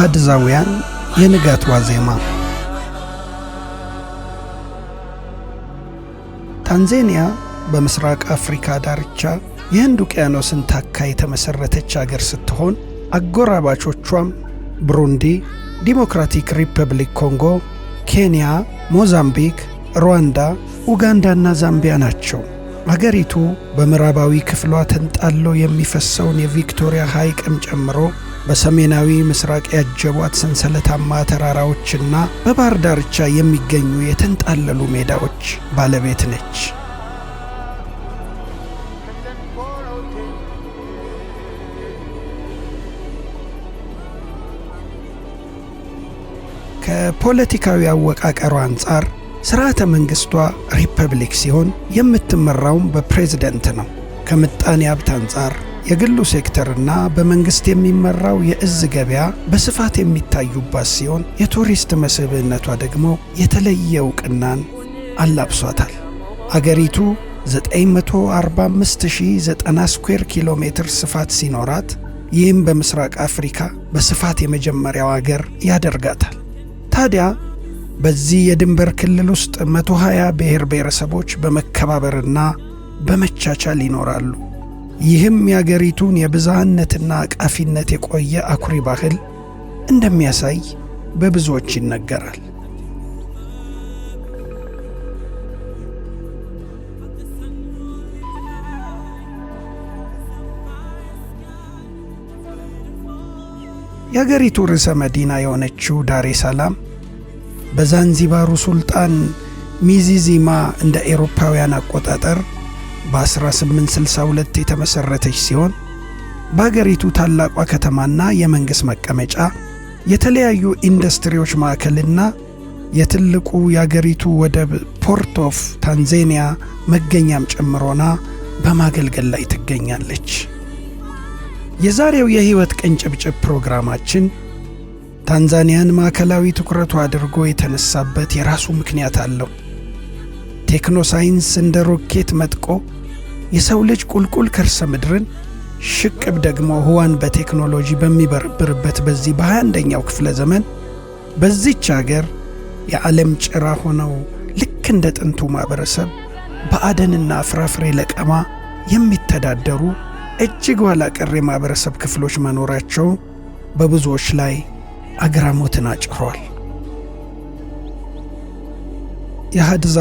ሀድዛውያን የንጋት ዋዜማ ታንዛኒያ በምስራቅ አፍሪካ ዳርቻ የህንድ ውቅያኖስን ታካ የተመሠረተች አገር ስትሆን አጎራባቾቿም ብሩንዲ፣ ዲሞክራቲክ ሪፐብሊክ ኮንጎ፣ ኬንያ፣ ሞዛምቢክ፣ ሩዋንዳ፣ ኡጋንዳና ዛምቢያ ናቸው። አገሪቱ በምዕራባዊ ክፍሏ ተንጣሎ የሚፈሰውን የቪክቶሪያ ሐይቅም ጨምሮ በሰሜናዊ ምስራቅ ያጀቧት ሰንሰለታማ ተራራዎችና በባህር ዳርቻ የሚገኙ የተንጣለሉ ሜዳዎች ባለቤት ነች። ከፖለቲካዊ አወቃቀሯ አንጻር ስርዓተ መንግሥቷ ሪፐብሊክ ሲሆን የምትመራውም በፕሬዝደንት ነው። ከምጣኔ ሀብት አንጻር የግሉ ሴክተርና በመንግስት የሚመራው የእዝ ገበያ በስፋት የሚታዩባት ሲሆን የቱሪስት መስህብነቷ ደግሞ የተለየ እውቅናን አላብሷታል። አገሪቱ 945090 ስኩዌር ኪሎ ሜትር ስፋት ሲኖራት ይህም በምስራቅ አፍሪካ በስፋት የመጀመሪያው አገር ያደርጋታል። ታዲያ በዚህ የድንበር ክልል ውስጥ 120 ብሔር ብሔረሰቦች በመከባበርና በመቻቻል ይኖራሉ። ይህም የአገሪቱን የብዝሃነትና አቃፊነት የቆየ አኩሪ ባህል እንደሚያሳይ በብዙዎች ይነገራል። የአገሪቱ ርዕሰ መዲና የሆነችው ዳሬ ሰላም በዛንዚባሩ ሱልጣን ሚዚዚማ እንደ ኤሮፓውያን አቆጣጠር በ1862 የተመሠረተች ሲሆን በአገሪቱ ታላቋ ከተማና የመንግሥት መቀመጫ፣ የተለያዩ ኢንዱስትሪዎች ማዕከልና የትልቁ የአገሪቱ ወደብ ፖርት ኦፍ ታንዛኒያ መገኛም ጨምሮና በማገልገል ላይ ትገኛለች። የዛሬው የሕይወት ቅንጭብጭብ ፕሮግራማችን ታንዛኒያን ማዕከላዊ ትኩረቱ አድርጎ የተነሳበት የራሱ ምክንያት አለው። ቴክኖ ሳይንስ እንደ ሮኬት መጥቆ የሰው ልጅ ቁልቁል ከርሰ ምድርን ሽቅብ ደግሞ ህዋን በቴክኖሎጂ በሚበርብርበት በዚህ በ21ኛው ክፍለ ዘመን በዚች አገር የዓለም ጭራ ሆነው ልክ እንደ ጥንቱ ማኅበረሰብ በአደንና ፍራፍሬ ለቀማ የሚተዳደሩ እጅግ ኋላ ቀር የማኅበረሰብ ክፍሎች መኖራቸው በብዙዎች ላይ አግራሞትን አጭሯል። የሀድዛ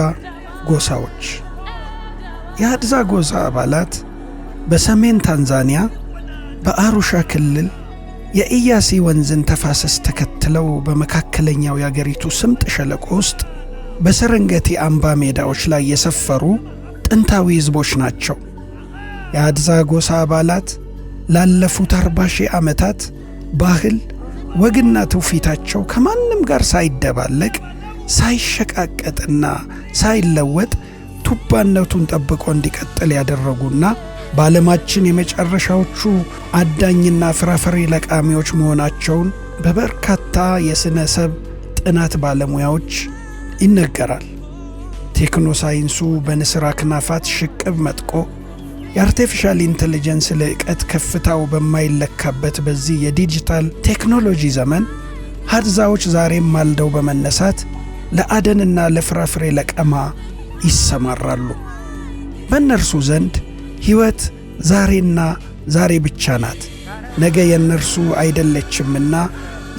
ጎሳዎች የአድዛ ጎሳ አባላት በሰሜን ታንዛኒያ በአሩሻ ክልል የኢያሲ ወንዝን ተፋሰስ ተከትለው በመካከለኛው የአገሪቱ ስምጥ ሸለቆ ውስጥ በሰረንገቴ አምባ ሜዳዎች ላይ የሰፈሩ ጥንታዊ ሕዝቦች ናቸው። የአድዛ ጎሳ አባላት ላለፉት አርባ ሺህ ዓመታት ባህል፣ ወግና ትውፊታቸው ከማንም ጋር ሳይደባለቅ ሳይሸቃቀጥና ሳይለወጥ ቱባነቱን ጠብቆ እንዲቀጥል ያደረጉና በዓለማችን የመጨረሻዎቹ አዳኝና ፍራፍሬ ለቃሚዎች መሆናቸውን በበርካታ የሥነ ሰብ ጥናት ባለሙያዎች ይነገራል። ቴክኖ ሳይንሱ ክናፋት ሽቅብ መጥቆ የአርቴፊሻል ኢንቴሊጀንስ ልዕቀት ከፍታው በማይለካበት በዚህ የዲጂታል ቴክኖሎጂ ዘመን ሀድዛዎች ዛሬም ማልደው በመነሳት ለአደንና ለፍራፍሬ ለቀማ ይሰማራሉ። በእነርሱ ዘንድ ሕይወት ዛሬና ዛሬ ብቻ ናት፣ ነገ የእነርሱ አይደለችምና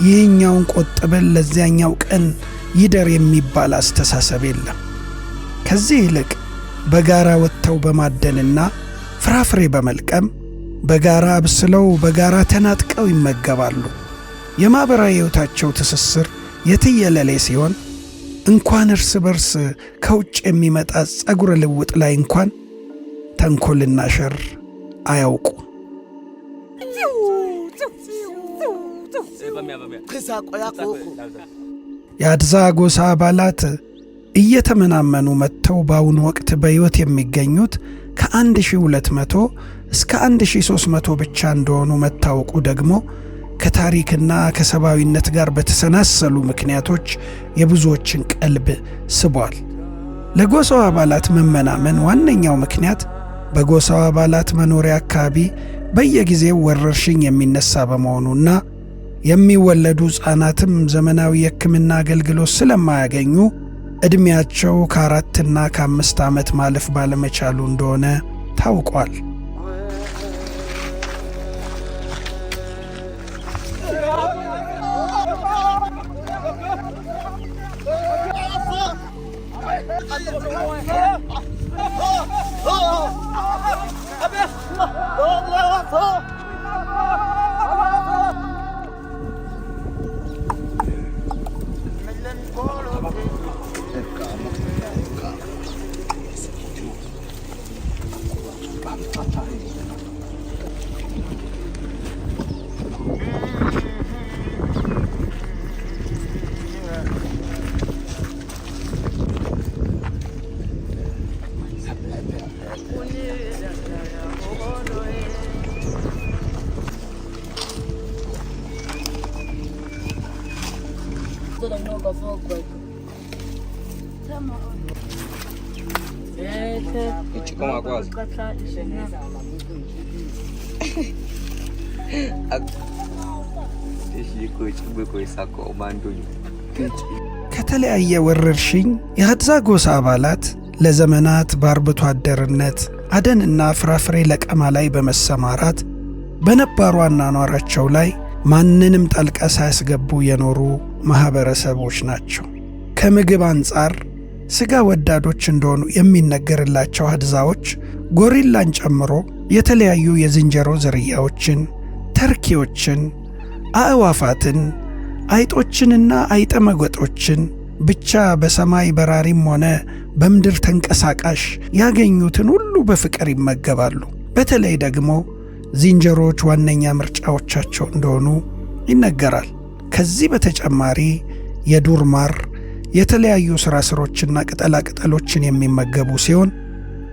ይህኛውን ቆጥበን ለዚያኛው ቀን ይደር የሚባል አስተሳሰብ የለም። ከዚህ ይልቅ በጋራ ወጥተው በማደንና ፍራፍሬ በመልቀም በጋራ አብስለው በጋራ ተናጥቀው ይመገባሉ። የማኅበራዊ ሕይወታቸው ትስስር የትየለሌ ሲሆን እንኳን እርስ በርስ ከውጭ የሚመጣ ጸጉረ ልውጥ ላይ እንኳን ተንኮልና ሸር አያውቁ። የአድዛ ጎሳ አባላት እየተመናመኑ መጥተው በአሁኑ ወቅት በሕይወት የሚገኙት ከ1200 እስከ 1300 ብቻ እንደሆኑ መታወቁ ደግሞ ከታሪክና ከሰብአዊነት ጋር በተሰናሰሉ ምክንያቶች የብዙዎችን ቀልብ ስቧል። ለጎሳው አባላት መመናመን ዋነኛው ምክንያት በጎሳው አባላት መኖሪያ አካባቢ በየጊዜው ወረርሽኝ የሚነሳ በመሆኑና የሚወለዱ ሕፃናትም ዘመናዊ የሕክምና አገልግሎት ስለማያገኙ ዕድሜያቸው ከአራትና ከአምስት ዓመት ማለፍ ባለመቻሉ እንደሆነ ታውቋል። 앞에 올라와서 kata işine. ከተለያየ ወረርሽኝ የሀድዛ ጎሳ አባላት ለዘመናት በአርብቶ አደርነት አደንና ፍራፍሬ ለቀማ ላይ በመሰማራት በነባሩ አኗኗራቸው ላይ ማንንም ጣልቃ ሳያስገቡ የኖሩ ማኅበረሰቦች ናቸው። ከምግብ አንጻር ሥጋ ወዳዶች እንደሆኑ የሚነገርላቸው አድዛዎች ጎሪላን ጨምሮ የተለያዩ የዝንጀሮ ዝርያዎችን፣ ተርኪዎችን፣ አእዋፋትን፣ አይጦችንና አይጠ መጎጦችን ብቻ በሰማይ በራሪም ሆነ በምድር ተንቀሳቃሽ ያገኙትን ሁሉ በፍቅር ይመገባሉ። በተለይ ደግሞ ዝንጀሮዎች ዋነኛ ምርጫዎቻቸው እንደሆኑ ይነገራል። ከዚህ በተጨማሪ የዱር ማር የተለያዩ ስራስሮችና ቅጠላቅጠሎችን የሚመገቡ ሲሆን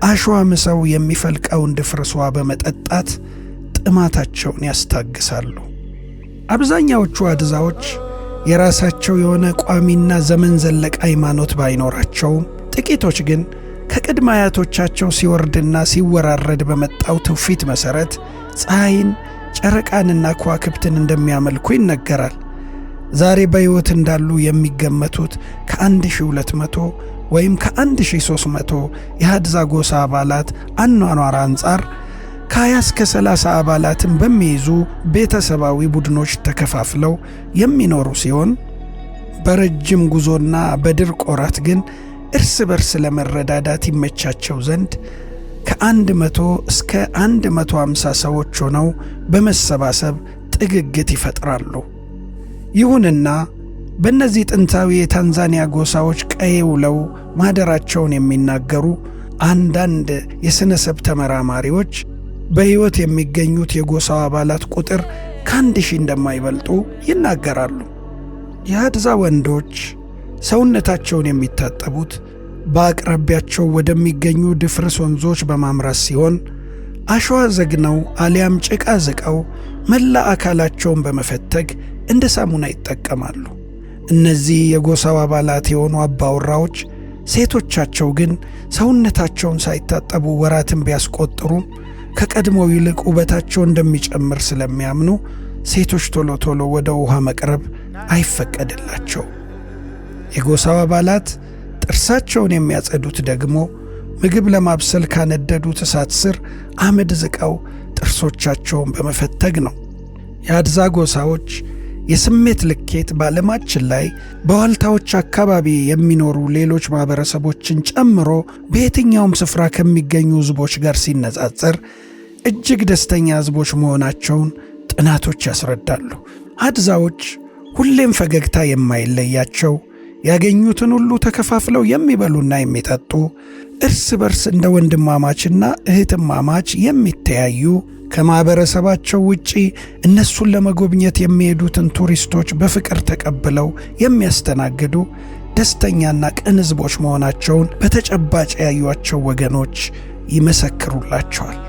አሸዋ ምሰው የሚፈልቀውን ድፍርሷ በመጠጣት ጥማታቸውን ያስታግሳሉ። አብዛኛዎቹ አድዛዎች የራሳቸው የሆነ ቋሚና ዘመን ዘለቅ ሃይማኖት ባይኖራቸውም ጥቂቶች ግን ከቅድመ አያቶቻቸው ሲወርድና ሲወራረድ በመጣው ትውፊት መሠረት ፀሐይን፣ ጨረቃንና ከዋክብትን እንደሚያመልኩ ይነገራል። ዛሬ በሕይወት እንዳሉ የሚገመቱት ከ1200 ወይም ከ1300 የሃድዛ ጎሳ አባላት አኗኗር አንጻር ከ20 እስከ 30 አባላትን በሚይዙ ቤተሰባዊ ቡድኖች ተከፋፍለው የሚኖሩ ሲሆን በረጅም ጉዞና በድርቅ ወራት ግን እርስ በርስ ለመረዳዳት ይመቻቸው ዘንድ ከ100 እስከ 150 ሰዎች ሆነው በመሰባሰብ ጥግግት ይፈጥራሉ። ይሁንና በእነዚህ ጥንታዊ የታንዛኒያ ጎሳዎች ቀዬ ውለው ማደራቸውን የሚናገሩ አንዳንድ የሥነ ሰብ ተመራማሪዎች በሕይወት የሚገኙት የጎሳው አባላት ቁጥር ከአንድ ሺህ እንደማይበልጡ ይናገራሉ። የአድዛ ወንዶች ሰውነታቸውን የሚታጠቡት በአቅራቢያቸው ወደሚገኙ ድፍርስ ወንዞች በማምራት ሲሆን አሸዋ ዘግነው አሊያም ጭቃ ዝቀው መላ አካላቸውን በመፈተግ እንደ ሳሙና ይጠቀማሉ። እነዚህ የጎሳው አባላት የሆኑ አባወራዎች ሴቶቻቸው ግን ሰውነታቸውን ሳይታጠቡ ወራትን ቢያስቆጥሩም ከቀድሞው ይልቅ ውበታቸው እንደሚጨምር ስለሚያምኑ ሴቶች ቶሎ ቶሎ ወደ ውሃ መቅረብ አይፈቀድላቸው። የጎሳው አባላት ጥርሳቸውን የሚያጸዱት ደግሞ ምግብ ለማብሰል ካነደዱት እሳት ስር አመድ ዝቀው ጥርሶቻቸውን በመፈተግ ነው። የአድዛ ጎሳዎች የስሜት ልኬት በዓለማችን ላይ በዋልታዎች አካባቢ የሚኖሩ ሌሎች ማኅበረሰቦችን ጨምሮ በየትኛውም ስፍራ ከሚገኙ ሕዝቦች ጋር ሲነጻጸር እጅግ ደስተኛ ሕዝቦች መሆናቸውን ጥናቶች ያስረዳሉ። አድዛዎች ሁሌም ፈገግታ የማይለያቸው ያገኙትን ሁሉ ተከፋፍለው የሚበሉና የሚጠጡ እርስ በርስ እንደ ወንድማማችና እህትማማች የሚተያዩ ከማኅበረሰባቸው ውጪ እነሱን ለመጎብኘት የሚሄዱትን ቱሪስቶች በፍቅር ተቀብለው የሚያስተናግዱ ደስተኛና ቅን ሕዝቦች መሆናቸውን በተጨባጭ ያዩቸው ወገኖች ይመሰክሩላቸዋል።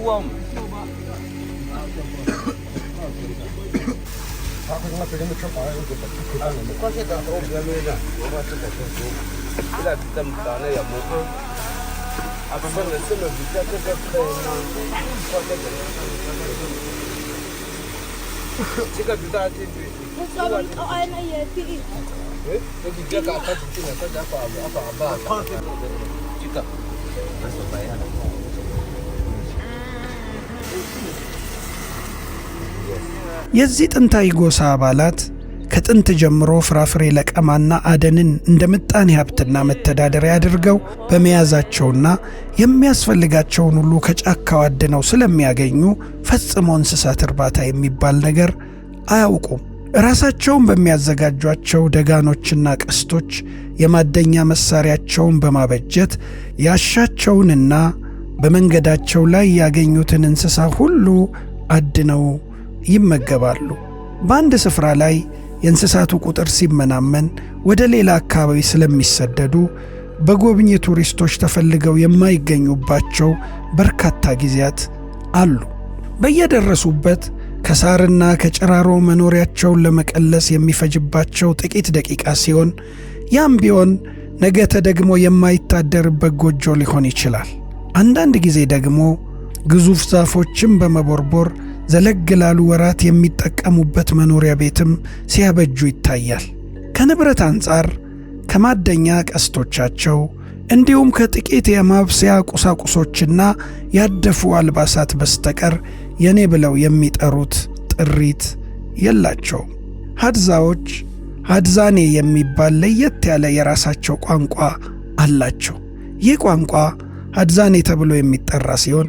કુવામાં Çıkar bir daha tepki. Sabır, o ayna yetiyor. Peki jaga apa cikin apa apa apa apa apa. Jika. Masuk bayar. የዚህ ጥንታዊ ጎሳ አባላት ከጥንት ጀምሮ ፍራፍሬ ለቀማና አደንን እንደ ምጣኔ ሀብትና መተዳደሪያ አድርገው በመያዛቸውና የሚያስፈልጋቸውን ሁሉ ከጫካው አድነው ስለሚያገኙ ፈጽሞ እንስሳት እርባታ የሚባል ነገር አያውቁም። ራሳቸውን በሚያዘጋጇቸው ደጋኖችና ቀስቶች የማደኛ መሳሪያቸውን በማበጀት ያሻቸውንና በመንገዳቸው ላይ ያገኙትን እንስሳ ሁሉ አድነው ይመገባሉ። በአንድ ስፍራ ላይ የእንስሳቱ ቁጥር ሲመናመን ወደ ሌላ አካባቢ ስለሚሰደዱ በጎብኚ ቱሪስቶች ተፈልገው የማይገኙባቸው በርካታ ጊዜያት አሉ። በየደረሱበት ከሳርና ከጨራሮ መኖሪያቸውን ለመቀለስ የሚፈጅባቸው ጥቂት ደቂቃ ሲሆን ያም ቢሆን ነገ ተደግሞ የማይታደርበት ጎጆ ሊሆን ይችላል። አንዳንድ ጊዜ ደግሞ ግዙፍ ዛፎችን በመቦርቦር ዘለግ ላሉ ወራት የሚጠቀሙበት መኖሪያ ቤትም ሲያበጁ ይታያል። ከንብረት አንጻር ከማደኛ ቀስቶቻቸው እንዲሁም ከጥቂት የማብሰያ ቁሳቁሶችና ያደፉ አልባሳት በስተቀር የኔ ብለው የሚጠሩት ጥሪት የላቸውም። ሀድዛዎች ሀድዛኔ የሚባል ለየት ያለ የራሳቸው ቋንቋ አላቸው። ይህ ቋንቋ ሀድዛኔ ተብሎ የሚጠራ ሲሆን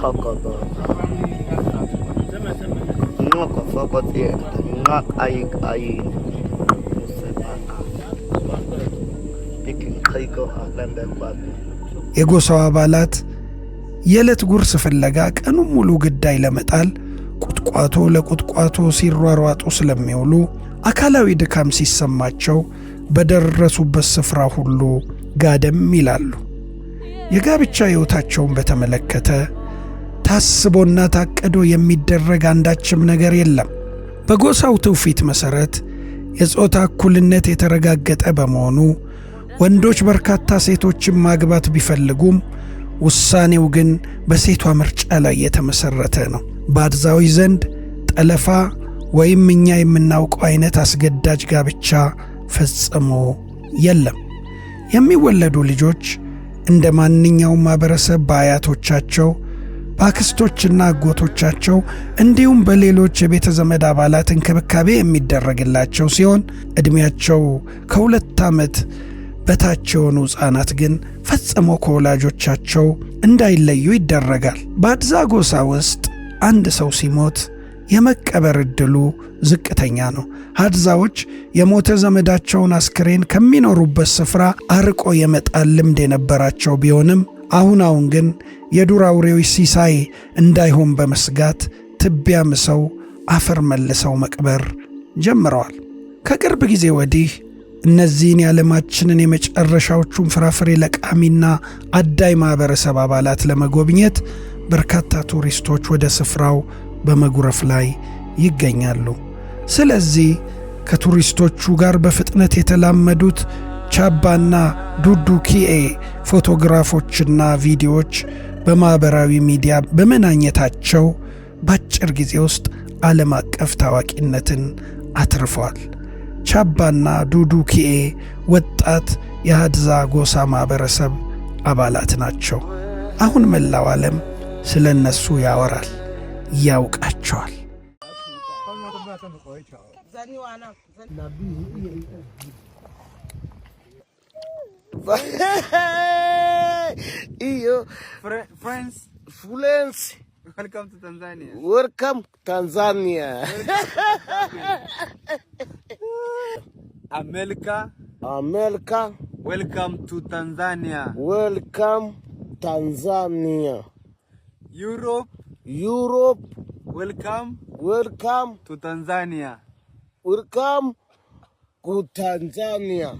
foko ngak የጎሳው አባላት የዕለት ጉርስ ፍለጋ ቀኑን ሙሉ ግዳይ ለመጣል ቁጥቋጦ ለቁጥቋጦ ሲሯሯጡ ስለሚውሉ አካላዊ ድካም ሲሰማቸው በደረሱበት ስፍራ ሁሉ ጋደም ይላሉ። የጋብቻ ሕይወታቸውን በተመለከተ ታስቦና ታቅዶ የሚደረግ አንዳችም ነገር የለም። በጎሳው ትውፊት መሠረት የጾታ እኩልነት የተረጋገጠ በመሆኑ ወንዶች በርካታ ሴቶችን ማግባት ቢፈልጉም ውሳኔው ግን በሴቷ ምርጫ ላይ የተመሠረተ ነው። በአድዛዊ ዘንድ ጠለፋ ወይም እኛ የምናውቀው አይነት አስገዳጅ ጋብቻ ፈጽሞ የለም። የሚወለዱ ልጆች እንደ ማንኛውም ማኅበረሰብ በአያቶቻቸው በአክስቶችና አጎቶቻቸው እንዲሁም በሌሎች የቤተ ዘመድ አባላት እንክብካቤ የሚደረግላቸው ሲሆን ዕድሜያቸው ከሁለት ዓመት በታች የሆኑ ሕፃናት ግን ፈጽሞ ከወላጆቻቸው እንዳይለዩ ይደረጋል። በአድዛ ጎሳ ውስጥ አንድ ሰው ሲሞት የመቀበር እድሉ ዝቅተኛ ነው። ሀድዛዎች የሞተ ዘመዳቸውን አስክሬን ከሚኖሩበት ስፍራ አርቆ የመጣል ልምድ የነበራቸው ቢሆንም አሁን አሁን ግን የዱር አውሬዎች ሲሳይ እንዳይሆን በመስጋት ትቢያ ምሰው አፈር መልሰው መቅበር ጀምረዋል። ከቅርብ ጊዜ ወዲህ እነዚህን የዓለማችንን የመጨረሻዎቹን ፍራፍሬ ለቃሚና አዳይ ማኅበረሰብ አባላት ለመጎብኘት በርካታ ቱሪስቶች ወደ ስፍራው በመጉረፍ ላይ ይገኛሉ። ስለዚህ ከቱሪስቶቹ ጋር በፍጥነት የተላመዱት ቻባና ዱዱኪኤ ፎቶግራፎችና ቪዲዮዎች በማኅበራዊ ሚዲያ በመናኘታቸው በአጭር ጊዜ ውስጥ ዓለም አቀፍ ታዋቂነትን አትርፈዋል። ቻባና ዱዱኪኤ ወጣት የሃድዛ ጎሳ ማኅበረሰብ አባላት ናቸው። አሁን መላው ዓለም ስለ እነሱ ያወራል። ያውቃቸዋል። iyo fluency welcome Tanzania America America welcome to Tanzania welcome Tanzania Europe Europe. Welcome. Welcome to Tanzania. Welcome to Tanzania.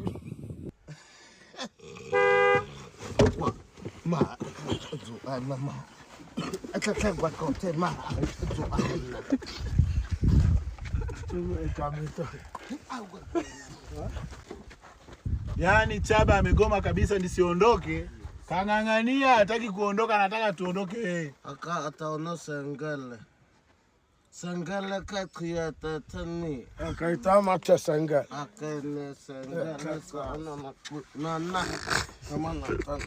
Yaani Chaba amegoma kabisa nisiondoke. Kang'ang'ania hataki kuondoka, nataka tuondoke. Aka ataona sengele sengele kati ya tetani sengele akaine sengele sana maku nana kama nataka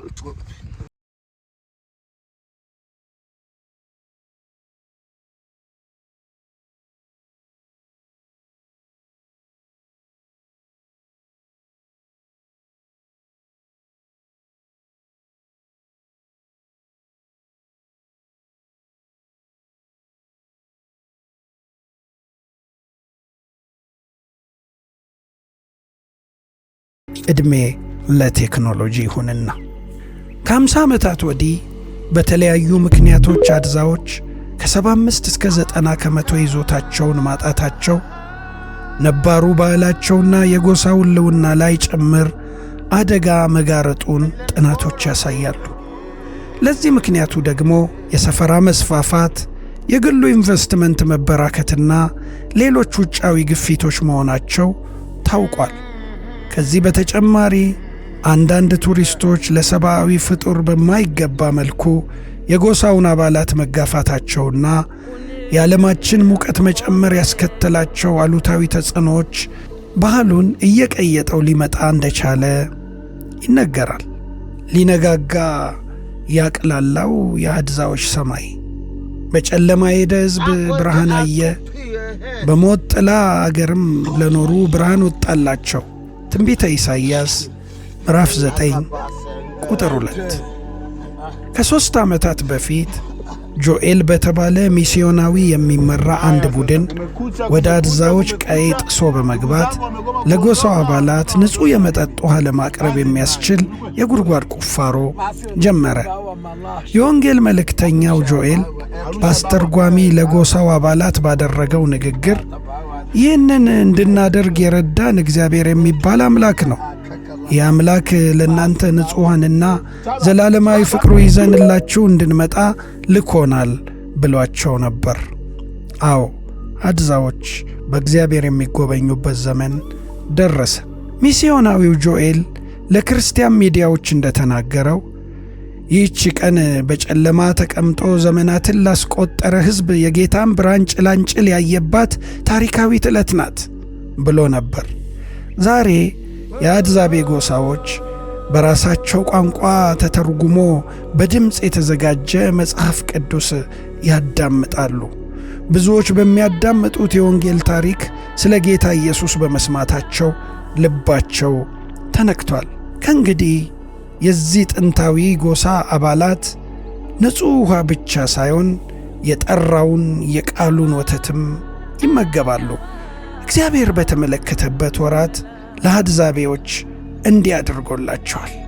ዕድሜ ለቴክኖሎጂ ይሁንና ከ50 ዓመታት ወዲህ በተለያዩ ምክንያቶች አድዛዎች ከ75 እስከ 90 ከመቶ ይዞታቸውን ማጣታቸው ነባሩ ባህላቸውና የጎሳ ውልውና ላይ ጭምር አደጋ መጋረጡን ጥናቶች ያሳያሉ። ለዚህ ምክንያቱ ደግሞ የሰፈራ መስፋፋት፣ የግሉ ኢንቨስትመንት መበራከትና ሌሎች ውጫዊ ግፊቶች መሆናቸው ታውቋል። ከዚህ በተጨማሪ አንዳንድ ቱሪስቶች ለሰብአዊ ፍጡር በማይገባ መልኩ የጎሳውን አባላት መጋፋታቸውና የዓለማችን ሙቀት መጨመር ያስከተላቸው አሉታዊ ተጽዕኖዎች ባህሉን እየቀየጠው ሊመጣ እንደቻለ ይነገራል። ሊነጋጋ ያቅላላው የአድዛዎች ሰማይ በጨለማ የሄደ ሕዝብ ብርሃን አየ፣ በሞት ጥላ አገርም ለኖሩ ብርሃን ወጣላቸው። ትንቢተ ኢሳይያስ ምዕራፍ 9 ቁጥር 2። ከሦስት ዓመታት በፊት ጆኤል በተባለ ሚስዮናዊ የሚመራ አንድ ቡድን ወደ አድዛዎች ቀይ ጥሶ በመግባት ለጎሳው አባላት ንጹሕ የመጠጥ ውሃ ለማቅረብ የሚያስችል የጉድጓድ ቁፋሮ ጀመረ። የወንጌል መልእክተኛው ጆኤል በአስተርጓሚ ለጎሳው አባላት ባደረገው ንግግር ይህንን እንድናደርግ የረዳን እግዚአብሔር የሚባል አምላክ ነው። ይህ አምላክ ለእናንተ ንጹሐንና ዘላለማዊ ፍቅሩ ይዘንላችሁ እንድንመጣ ልኮናል ብሏቸው ነበር። አዎ አድዛዎች በእግዚአብሔር የሚጎበኙበት ዘመን ደረሰ። ሚስዮናዊው ጆኤል ለክርስቲያን ሚዲያዎች እንደተናገረው ይህች ቀን በጨለማ ተቀምጦ ዘመናትን ላስቆጠረ ሕዝብ የጌታን ብርሃን ጭላንጭል ያየባት ታሪካዊት ዕለት ናት ብሎ ነበር። ዛሬ የአድዛቤ ጎሳዎች በራሳቸው ቋንቋ ተተርጉሞ በድምፅ የተዘጋጀ መጽሐፍ ቅዱስ ያዳምጣሉ። ብዙዎች በሚያዳምጡት የወንጌል ታሪክ ስለ ጌታ ኢየሱስ በመስማታቸው ልባቸው ተነክቷል። ከእንግዲህ የዚህ ጥንታዊ ጎሳ አባላት ንጹሕ ውሃ ብቻ ሳይሆን የጠራውን የቃሉን ወተትም ይመገባሉ። እግዚአብሔር በተመለከተበት ወራት ለአሕዛብዎች እንዲህ አድርጎላቸዋል።